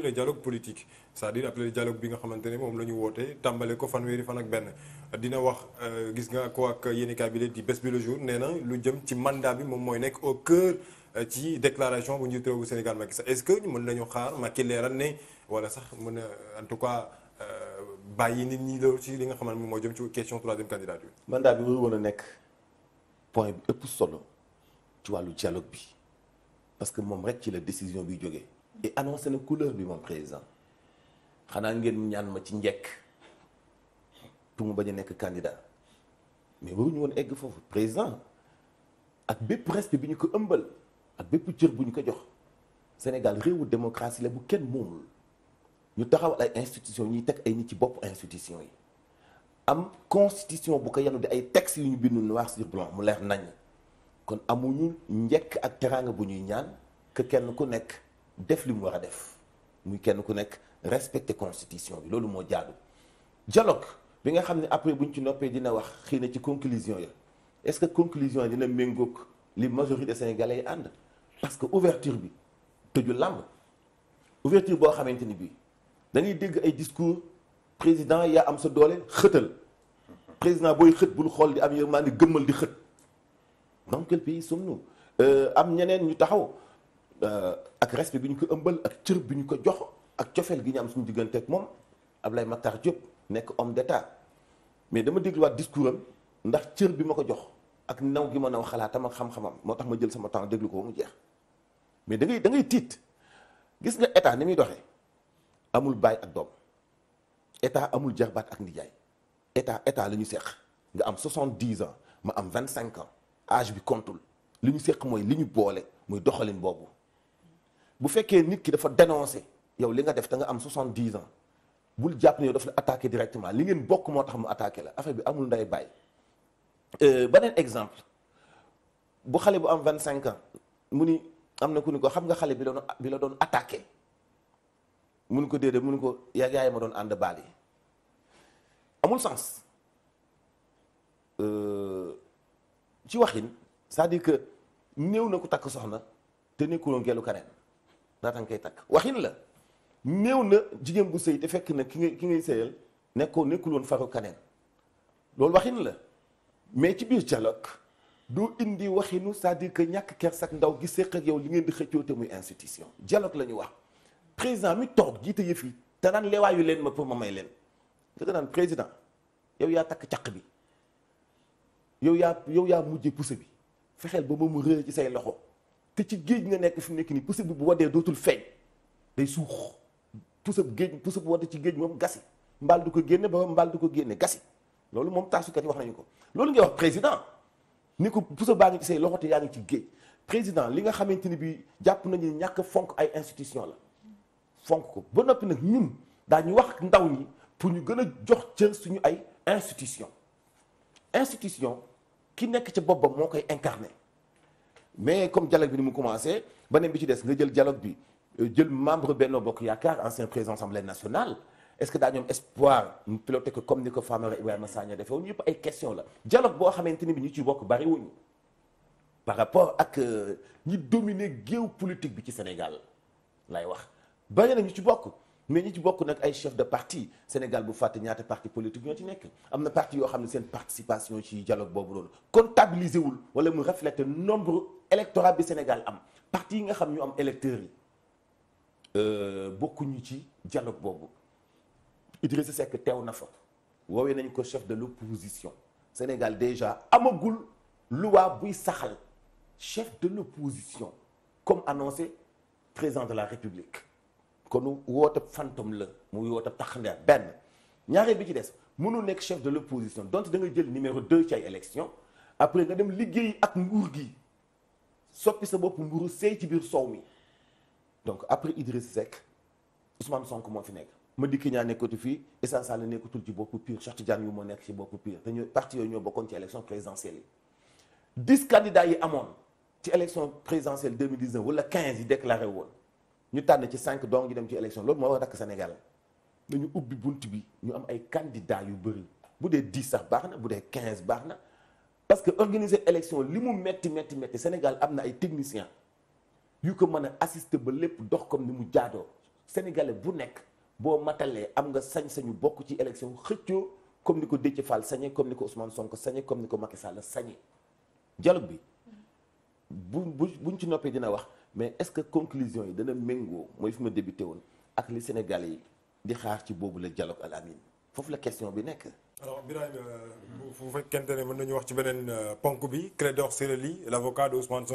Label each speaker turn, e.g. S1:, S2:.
S1: le dialogue politique c'est-à-dire après dialogue bi nga xamante ne moom la ñu woote tàmbale ko fan fanweeri fan ak benn dina wax euh, gis nga ko ak yéenekaay bi di bés bi le jour nee na lu jëm ci mandat bi moom mooy nekk au cœur euh, ci déclaration bu njiitu réew bu Sénégal Macky est-ce que mën nañu xaar Macky leeral ne wala sax mën a en tout cas euh, bàyyi nit ñi loolu ci li nga xamante moom moo jëm ci question troisième candidature mandat bi muy woon a nekk point bi ëpp solo ci wàllu dialogue bi parce que moom rek ci la décision bi jógee et annoncé na couleur bi moom président xanaa ngeen ñaan ma ci njekk pour mu bañ a nekk candidat mais waruñu woon egg foofu président ak bépp resp bi ñu ko ëmbal ak bépp cër bu ñu ko jox Sénégal réewu démocratie la bu kenn moomul ñu taxaw ay institution ñuy teg ay nit ci bopp institution yi am constitution bu ko yanu di ay tex yu ñu bindu noir sur blanc mu leer nañ kon amuñu njekk ak teraanga bu ñuy ñaan que kenn ku nekk def li mu war a def muy kenn ku nekk respecter constitution bi loolu moo jaadu dialogue bi nga xam ne après ñu ci noppee dina wax xëy na ci conclusion ya est-ce que conclusion ya dina méngook li majorité sénégalais yi ànd parce que ouverture bi tëju làmb ouverture boo xamante ni bii dañuy dégg ay discours président yaa am sa doole xëtal président booy xët bul xool di am yërmande gëmmal di xët dans quel pays sommes-nous euh, am ñeneen ñu taxaw Euh, ak respect bi ñu ko ëmbal ak cër bi ñu ko jox ak cofeel gi ñu am suñu diggante ak moom lay Matar Diop nekk homme d'état mais dama dégluwaat discours am ndax cër bi ma ko jox ak naw gi ma naw xalaatam ak xam-xamam moo tax ma jël sama temps déglu ko ba mu jeex mais dangay ngay da ngay tiit gis nga état ni muy doxe amul baay ak doom état amul jarbaat ak nijaay état état la ñu seq nga am 70 ans ma am vingt cinq ans âge bi kontul li ñu seq mooy li ñu boole muy doxalin boobu. bu fekkee nit ki dafa dénoncé yow li nga def da nga am 70 ans bul jàpp ne yow daf la attaqué directement li ngeen bokk moo tax mu attaqué la affaire bi amul nday bàyyi. Euh, beneen exemple bu xale bu am 25 ans mu ni am na ku ni ko xam nga xale bi la doon bi la doon attaqué mun ko déedéet mun ko yaa yaay ma doon ànd baal yi amul sens euh, ci waxin c'est-à-dire que néew na ku takk soxna te nekkuloo ngelu keneen. laata nga koy takk waxin la néew na jigéen bu sëy te fekk na ki ngay ki ngay sëyal nekkoo nekkul woon faru kaneen loolu waxin la mais ci biir dialogue du indi waxinu c'est-à-dire que ñàkk kersak ndaw gi séq yow li ngeen di xëccoo te muy institution dialogue la ñu wax président mi toog jiite yëf yi te naan leewaayu leen ma pour ma may leen dëgg naan président yow yaa takk caq bi yow yaa yow yaa mujje pousse bi fexeel ba mu rëy ci say loxo te ci géej nga nekk fi mu nekk nii pousse bu waddee dootul feeñ day suux pousse géej pousse bu waddee ci géej moom gasi mbaal du ko génne ba mbaal du ko génne gasi loolu moom taasukat yi wax nañu ko loolu ngay wax président ni ko pousse baa ngi ci say loxo te yaa ngi ci géej président li nga xamante ni bi jàpp nañu ñàkk fonk ay institution la fonk ko ba noppi nag daal daañu wax ndaw ñi pour ñu gën a jox cër suñu ay institution institution ki nekk ca boppam moo koy incarné mais comme dialogue bi ni mu commencé beneen bi ci des nga jël dialogue bi euh, jël membre Benno Bokk Yaakaar ancien président assemblée nationale est-ce que daa ñoom espoir mu piloté ko comme ni ko Famara Ibrahima Sagna defee woon yëpp ay question la dialogue boo xamante ni bi ñu ci bokk bari wuñu par rapport ak euh, ñi dominer géew politique bi ci Sénégal lay wax bari na ñu ci bokk mais ñi ci bokk nag ay chef de parti Sénégal bu fàtte ñaata parti politique ñoo ci nekk am na parti yoo xam ne seen participation ci dialogue boobu noonu comptabiliser wul wala mu refléter nombre électorat bi Sénégal am partie yi nga xam ñu am électeurs euh, bokkuñu ci dialogue boobu Idrissa Seck teew na fa woowee nañ ko chef de l'opposition Sénégal déjà amagul loi buy saxal chef de l'opposition comme annoncé président de la République kon woote fantôme la mu muy tax taxandeer benn ñaareel bi ci des mënul nekk chef de l'opposition donc da nga jël numéro 2 ci ay élection après nga dem liggéey ak nguur gi soppi sa bopp mburu seey ci biir soow mi donc après Idriss Seck Ousmane Sonko moo fi nekk ma Madické Niang nekkatu fii Issa Sall nekkatul ci boppu PUR Cheikh Tidiane yu moo nekk ci boppu PUR te ñoo parti yooyu ñoo bokkoon ci élection présidentielle yi dix candidats yi amoon ci élection présidentielle 2019 wala quinze yi déclaré woon ñu tànn ci cinq donc ñu dem ci élection loolu moo wax dakk Sénégal nañu ubbi bunt bi ñu am ay candidats yu bëri bu dee dix sax baax na bu dee quinze baax na parce que organiser élection li mu metti metti metti Sénégal am na ay techniciens yu ko mën a assister ba lépp dox comme ni mu jaadoo Sénégalais bu nekk boo matalee am nga sañ-sañu bokk ci élection xëccoo comme ni ko Déthié Fall sañe comme ni ko Ousmane Sonko sañee comme ni ko Macky Sall sañe dialogue bi bu buñ ci noppee dina wax mais est-ce que conclusion yi dana méngoo mooy fi ma débuté woon ak li Sénégalais yi di xaar ci boobu la dialogue al amin foofu la question bi nekk. alors Birahim euh, bu fekkente ne mën nañu wax ci beneen euh, ponk bi Clédor Ciré Ly l'avocat de Ousmane Sonko